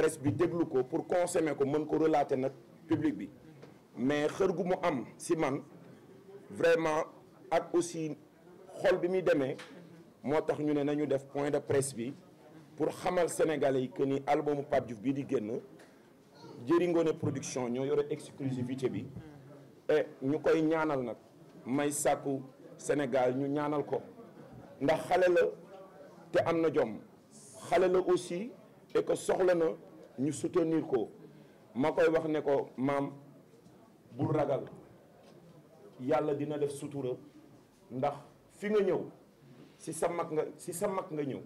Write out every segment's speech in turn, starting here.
presse bi déglu ko pour consommer ko mën ko relater nag public bi mais xër gu mu am si man vraiment ak aussi xol bi muy demee moo tax ñu ne nañu def point de presse bi pour xamal sénégalais yi que ni albumu Pape Diouf bii di génn Jëri ngoone production ñoo yore exclusivité bi et ñu koy ñaanal nag may sàkku Sénégal ñu ñaanal ko ndax xale la te am na jom xale la aussi et que soxla na ñu soutenir ko ma koy wax ne ko maam bul ragal yàlla dina def sutura ndax fi nga ñëw si sa mag nga si sa mag nga ñëw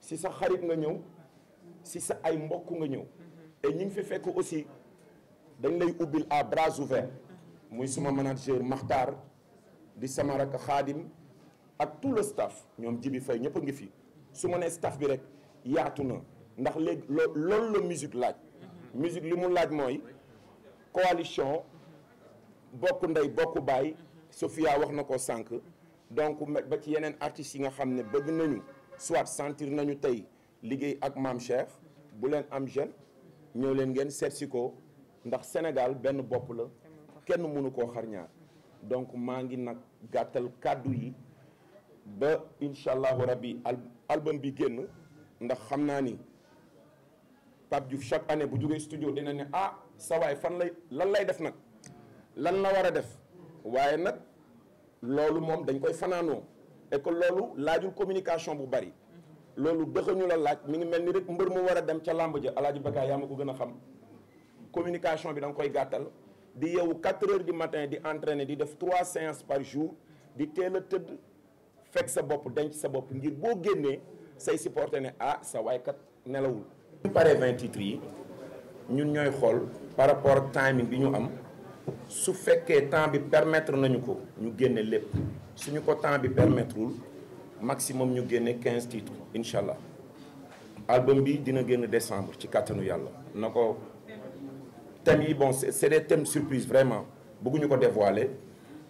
si sa xarit nga ñëw si sa ay mbokk nga ñëw et ñi ngi fi fekk aussi dañ lay ubbil à bras ouvert muy suma manager maxtar di sama rakk Xaadim ak tout le staff ñoom Jibi Fay ñëpp a ngi fi su ma nee staff bi rek yaatu na ndax léegi loo loolu la musique laaj musique li mu laaj mooy coalition bokk ndey bokk baay Sofia wax na ko sànq donc ba ci yeneen artistes yi nga xam ne bëgg nañu soit sentir nañu tey liggéey ak Mame Cheikh bu leen am jeune ñëw leen ngeen seet si ko ndax Sénégal benn bopp la kenn mënu koo xar donc maa ngi nag gàttal kàddu yi ba incha allahu rabbi album bi génn ndax xam naa ni Pape Diouf chaque année bu jógee studio dina ne ah sawaay fan lay lan lay def nag lan la war a def waaye nag loolu moom dañ koy fanaanoo et que loolu laajul communication bu bari loolu dëxañu la laaj mi ngi mel ni rek mbër mu war a dem ca làmb ja alaaji Bakar yaa ma ko gën a xam communication bi danga koy gàttal di yeewu quatre heures du matin di entraîner di def trois séances par jour di teel a tëdd fekk sa bopp denc sa bopp ngir boo génnee say supporter ah sa nelawul ñu paree vingt yi ñun ñooy xool par rapport ak timing bi ñu am su fekkee temps bi permettre nañu ko ñu génne lépp suñu ko temps bi permettrewul maximum ñu génne quinze titres incha allah album bi dina génn décembre ci kàttanu yàlla na ko thèmes yi bon c'est des thèmes surprise vraiment bëgguñu ko dévoiler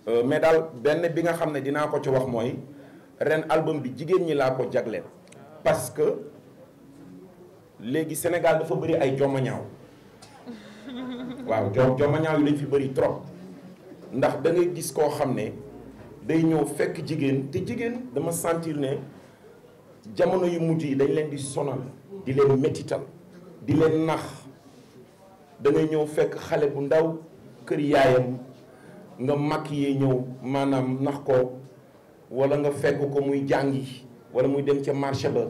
euh, mais daal benn bi nga xam ne dinaa ko ci wax mooy ren album bi jigéen ñi laa ko jagleel parce que léegi senegal dafa bari ay jomma ñaaw waaw jomma ñaaw yi fi bëri trop ndax dangay gis koo xam ne day ñëw fekk jigéen te jigéen dama sentir ne jamono yu mujj yi dañ leen di sonal di leen métital di leen nax da ñëw fekk xale bu ndaw kër yaayam nga màkk yee ñëw maanaam nax ko walla nga fekk ko muy jàngi walla muy dem ca marché ba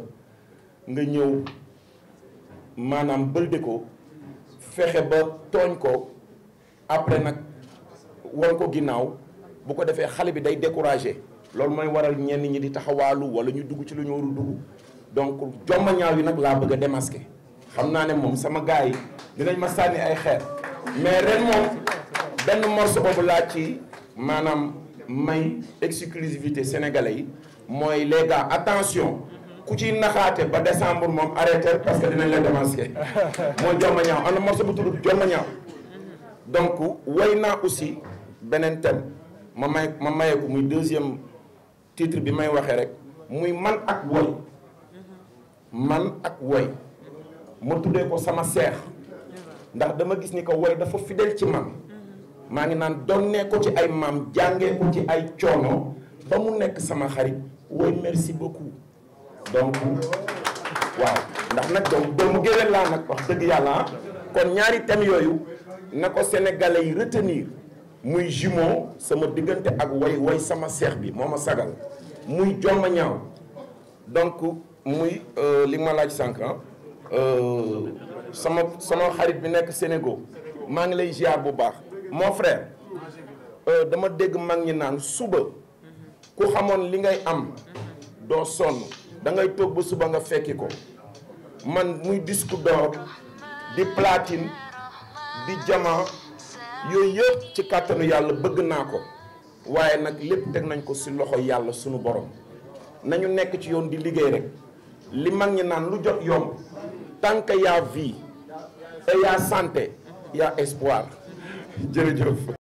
nga ñëw maanaam bëlde ko fexe ba tooñ ko après nag won ko ginnaaw bu ko defee xale bi day découragé loolu mooy waral ñenn ñi di taxawaalu wala ñu dugg ci lu ñu warul dugg donc jomba ñaaw yi nag laa bëgg a xam naa ne moom sama gars yi dinañ ma sànni ay xeer mais ren moom benn morceau boobu laa ci maanaam may exclusivité sénégalais yi mooy les gars attention ku ci naxaate ba décembre moom arrêté parce que dinañ la démasquer moo jomma ñaaw am na morceau bu tudd jomma ñaaw donc way naa aussi beneen thème ma may ma maye ko muy deuxième titre bi may waxee rek muy man ak woy man ak woy ma tuddee ko sama seex ndax dama gis ni ko woy dafa fidèle ci man maa ngi naan donnee ko ci ay maam jàngee ko ci ay coono ba mu nekk sama xarit woy merci beaucoup donc waaw ndax nag donc doomu géwél laa nag wax dëgg yàlla kon ñaari thèmes yooyu na ko sénégalais yi retenir muy jumeau sama diggante ak way way sama seex bi moo ma sagal muy jomma ñaaw donc muy euh, li ma laaj sànq ah, euh, sama sama xarit bi nekk Sénégal maa ngi lay ziar bu baax mon frère euh, dama dégg mag ñi naan suba ku xamoon li ngay am doo sonn da ngay toog ba suba nga fekki ko man muy disque d'or di platine di diamant yooyu yëpp ci kàttanu yàlla bëgg naa ko waaye nag lépp teg nañ ko si loxo yàlla sunu borom nañu nekk ci yoon di liggéey rek li mag ñi naan lu jot yomb tant que y a vie santé y a espoir jërëjëf